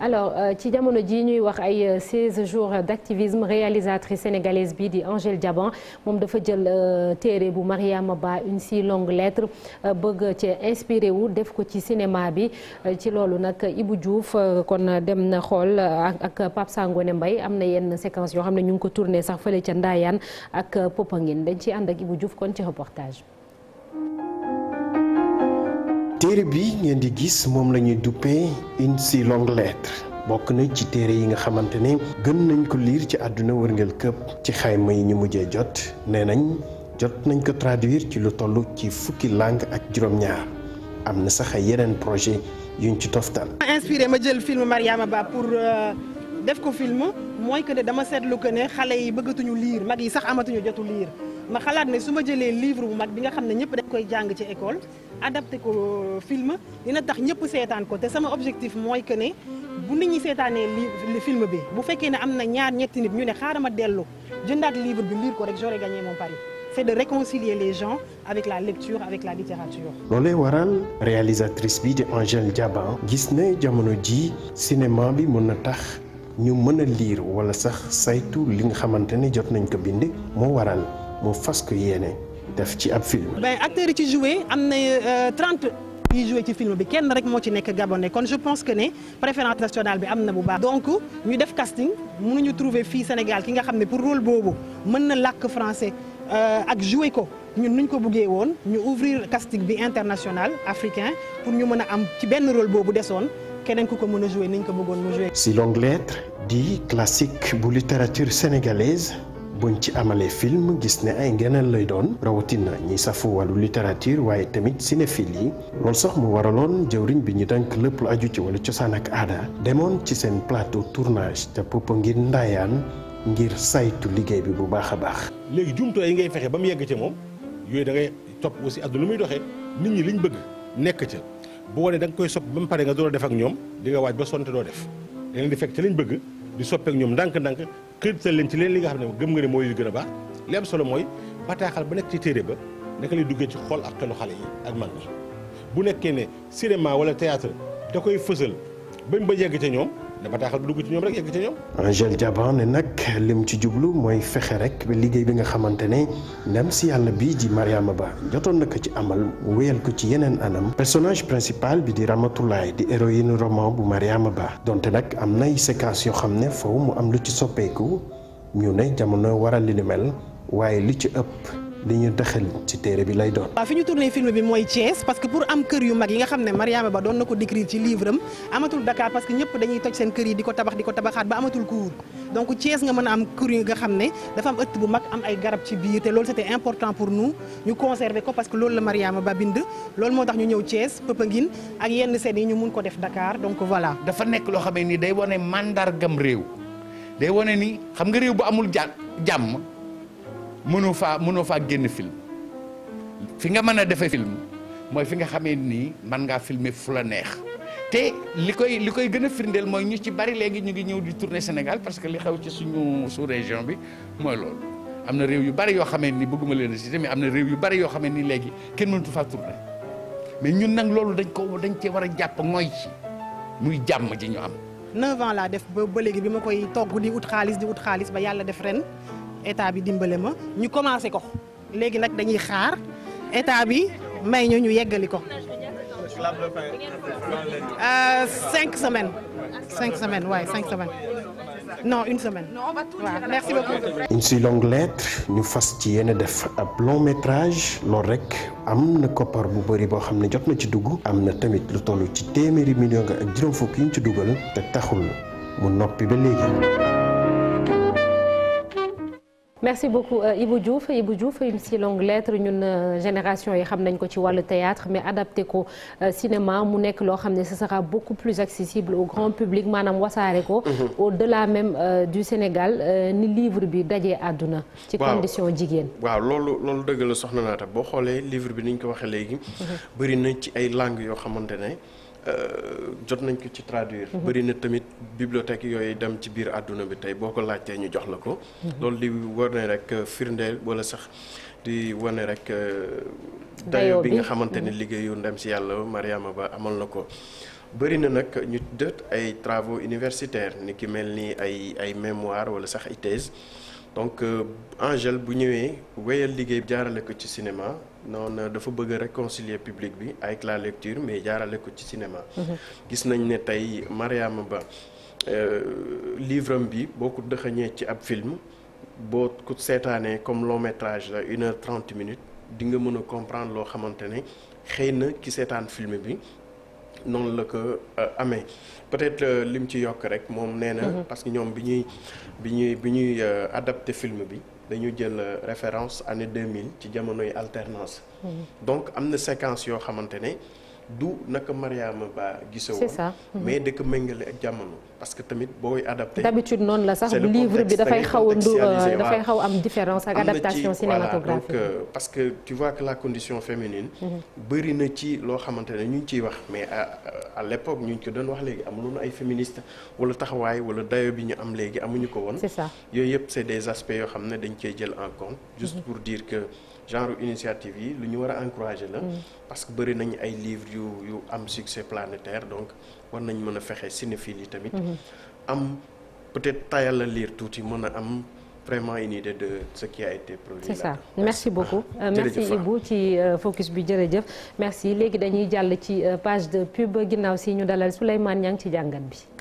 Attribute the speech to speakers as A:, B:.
A: alors euh, ci jamono ji ñuy wax ay 16 euh, jours d' activisme réalisatrice sénégalaise bi di Angèle jaban moom dafa jël euh, téere bu Mariama Ba une si longue lettre bëgg ci inspiré wu def ko ci cinéma bi ci loolu nag Ibou Diouf kon dem na xool ak Pape Sangone Mbaye am na yenn séquence yoo xam ne ñu ngi ko tourné sax fële ca Ndaayaan ak Popenguine dañ ci ànd ak Ibou juuf kon ci reportage
B: téere bi ngeen di gis moom la ñuy duppee une si longue lettre bokk na ci téere yi nga xamante ne gën nañ ko liir ci àdduna wërngël këpp ci xayma yi ñu mujjee jot nee nañ jot nañ ko traduire ci lu toll ci fukki langue ak juróom-ñaar am na sax ay yeneen projet yuñ ci toftal.
C: ma ma jël film Mariama Ba pour euh, def ko film mooy que ne dama seetlu que ne xale yi bëggatuñu liir mag yi sax amatuñu jotu liir ma xalaat ne su ma jëlee livre bu mag bi nga xam ne ñëpp dañ koy jàng ci école. adapté ko film dina tax ñëpp seetaan ko te sama objectif mooy que ne bu nit ñi seetaanee li film bi bu fekkee ne am na ñaar ñetti nit ñu ne xaaral ma dellu jëndaat libre bi lire ko rek j'aurais gagné mon pari c'est de réconcilier les gens avec la lecture avec la littérature.
B: loolee waral réalisatrice bi di Angèle Diaba gis ne jamono ji cinéma bi mën na tax ñu mën a lire wala sax saytu li nga xamante ne jot nañ ko bind moo waral mu fas ko yéene. def ci ab film.
C: ben acteurs yi ci joué am na euh, trente yi joué ci film bi kenn rek moo ci nekk gabonais kon je pense que ne préférence nationale bi am na bu baax. donc ñu def casting mënuñu trouver fii Sénégal ki nga xam ne pour rôle boobu mën na làkk français euh, ak joué ko. ñun nuñ ko buggee woon ñu ouvrir casting bi international africain pour ñu mën a am ci benn rôle boobu desoon keneen ku ko mën a jouer niñ ko bëggoon mu jouer.
B: si longue lettre di classique bu littérature sénégalaise. buñ ci amalee film gis ne ay ngeneen lay doon rawatina ñiy safu wàllu littérature waaye tamit cinéphile yi loolu sox mu waraloon jëwriñ bi ñu dank lépp lu aju ci wàllu cosaan ak aada demoon ci seen plateau tournage te popo ngir ndaayaan ngir saytu liggéey bi bu baax a baax. léegi jumtuwaay yi ngay fexe ba mu yegg ci moom yooyu dangay ngay aussi àdduna lu muy doxee nit ñi liñ bëgg nekk ca bu wane da koy sopp ba mu pare nga doo def ak ñoom di nga waaj ba doo def da leen fekk ca liñ bëgg. di soppeek ñoom ndànk-ndànk kërital leen ci leen li nga xam ne gëm nga ne mooy yu gën a baax li am solo mooy bataaxal ba nekk ci téere ba naka lay duggee ci xol ak xelu xale yi ak mag bu nekkee ne cinéma wala théâtre da koy fësal bañ ba yegg ca ñoom da bataaxal bu dugg ci ñoom rek yegg ci ne nag lim ci jublu mooy fexe rek ba liggéey bi nga xamante ne ndem si yàlla bii di Mariama Ba jotoon na ko ci amal wéyal ko ci yeneen anam. personnage principal bi di Ramatoulaye di héroïne roman bu Mariama Ba donte nag am nay séquences yoo xam ne foofu mu am lu ci soppeeku ñu ne jamono waral li ni mel waaye li ci ëpp. li ñu dexal ci téere bi lay doon.
C: waaw fi ñu tourné film bi mooy Thiès parce que pour am kër yu mag yi nga xam ne Mariama Ba doon na ko décrire ci livre amatul Dakar parce que ñëpp dañuy toj seen kër yi di ko tabax di ko tabaxaat ba amatul kuur donc Thiès nga mën a am kër yu nga xam ne dafa am ëtt bu mag am ay garab ci biir te loolu c'était important pour nous ñu conserver ko parce que loolu la Mariama Ba bind loolu moo tax ñu ñëw Thiès Popenguine yenn scènes yi ñu mun ko def Dakar donc voilà. dafa nekk loo xam ne ni day wane
B: mandargam réew day wane ni xam nga réew bu amul jàmm mënoo faa mënoo faa génn film fi nga mën a defee film mooy fi nga xamee nii mën ngaa filmer fu la neex te li koy li koy gën a firndeel mooy ñu ci bari léegi ñu ngi ñëw di tourner Sénégal parce que li xew ci suñu sous région bi mooy loolu am na réew yu bari yoo xamee ni bëgguma leen si mais am na réew yu bari yoo xamee ni léegi kenn mënutu faa tourner mais ñun nag loolu dañ ko dañ cee war a jàpp mooy ci muy jàmm ji ñu am.
C: 9 laa def ba ba léegi bi ma koy togg xaalis di xaalis ba yàlla def état bi dimbale ma ñu commencé ko léegi nag dañuy xaar état bi may ñu ñu yeggali ko.
B: Euh,
C: cinq semaines cinq semaines waaye cinq semaines non une semaine waaw merci beaucoup.
B: une si longue lettre ñu fas ci yéen def ab long métrage loolu rek am na koppar bu bëri boo xam ne jot na ci dugg am na tamit lu toll ci téeméeri million nga ak juróom fukk yi ñu ci dugal te taxul mu noppi ba léegi.
A: merci beaucoup euh, Ibou Diouf Ibou Diouf une si longue lettre ñun euh, génération yi xam nañ ko ci wàllu théâtre mais adapté ko euh, cinéma mu nekk loo xam ne ce sera beaucoup plus accessible au grand public maanaam wasaare ko mhm. au delà même du Sénégal ni livre bi dajee àdduna ci condition jigéen
B: waaw loolu loolu dëgg la soxna naata boo xoolee livre bi ni ñu ko waxee léegi mhm. bëri na ci ay langues yoo xamante ne Euh, jot nañ ko ci traduire. Mhm. bëri na tamit bibliothèque yooyu dem ci biir àdduna bi tey boo ko laajtee ñu jox la ko. Mhm. loolu di wane rek euh, firndeel wala sax di wane rek. Euh, dayo bi nga xamante ne mhm. liggéeyu ndem si yàlla Mariama Ba amal na ko. bëri na nag ñu dët ay travaux universitaires ni ki mel ni ay ay mémoire wala sax ay thèse donc euh, Angèle bu ñëwee wéyal liggéey jaarale ko ci cinéma noonu dafa bëgg a réconcilier public bi avec la lecture mais jaarale ko ci cinéma. Mhm. gis nañ ne tey Mariama Ba euh, livre am bi boo ko dëxëñee ci ab film boo ko seetaanee comme long métrage la une heure trente minutes di nga mën a comprendre loo xamante ne xëy na ki seetaan film bi. noonu la ko euh, amee peut-être euh, li mu ci yokk rek moom nee na. Mhm. parce que ñoom bi ñuy bi ñuy bi ñuy euh, adapté film bi dañu jël référence année 2000 ci jamonoy alternance. Mhm. donc am na séquence yoo xamante ne. du naka Mariama Ba gisee woon. c'est ça mhm. mais da ko méngale ak jamono. parce que tamit booy adapté. d'habitude
A: noonu la sax livre bi dafay xaw a dafay xaw am différence ak adaptation cinématographique euh,
B: parce que tu vois que la condition féminine. Mhm. bëri na ci loo xamante ne ñu ngi ciy wax mais à l'époque ñu ngi ko doon wax léegi amuloon ay féministe wala taxawaay wala dayo bi ñu am léegi amuñu ko woon. c'est ça yooyu yëpp c'est des aspects yoo xam ne dañ cee jël en mhm. pour dire genre initiative yi lu ñu war a la. yu yu am succès planétaire donc war nañ mën a fexe cinéphile yi tamit. Mhm. am peut-être tayal a lire tuuti mën a am. vraiment une idée de ce qui a été produit c'est ça
A: merci beaucoup ah, euh, merci Ibou ci euh, focus bi jërëjëf merci léegi dañuy jàll ci euh, page de pub ginnaaw si ñu dalal Souleymane Niang ci jàngat bi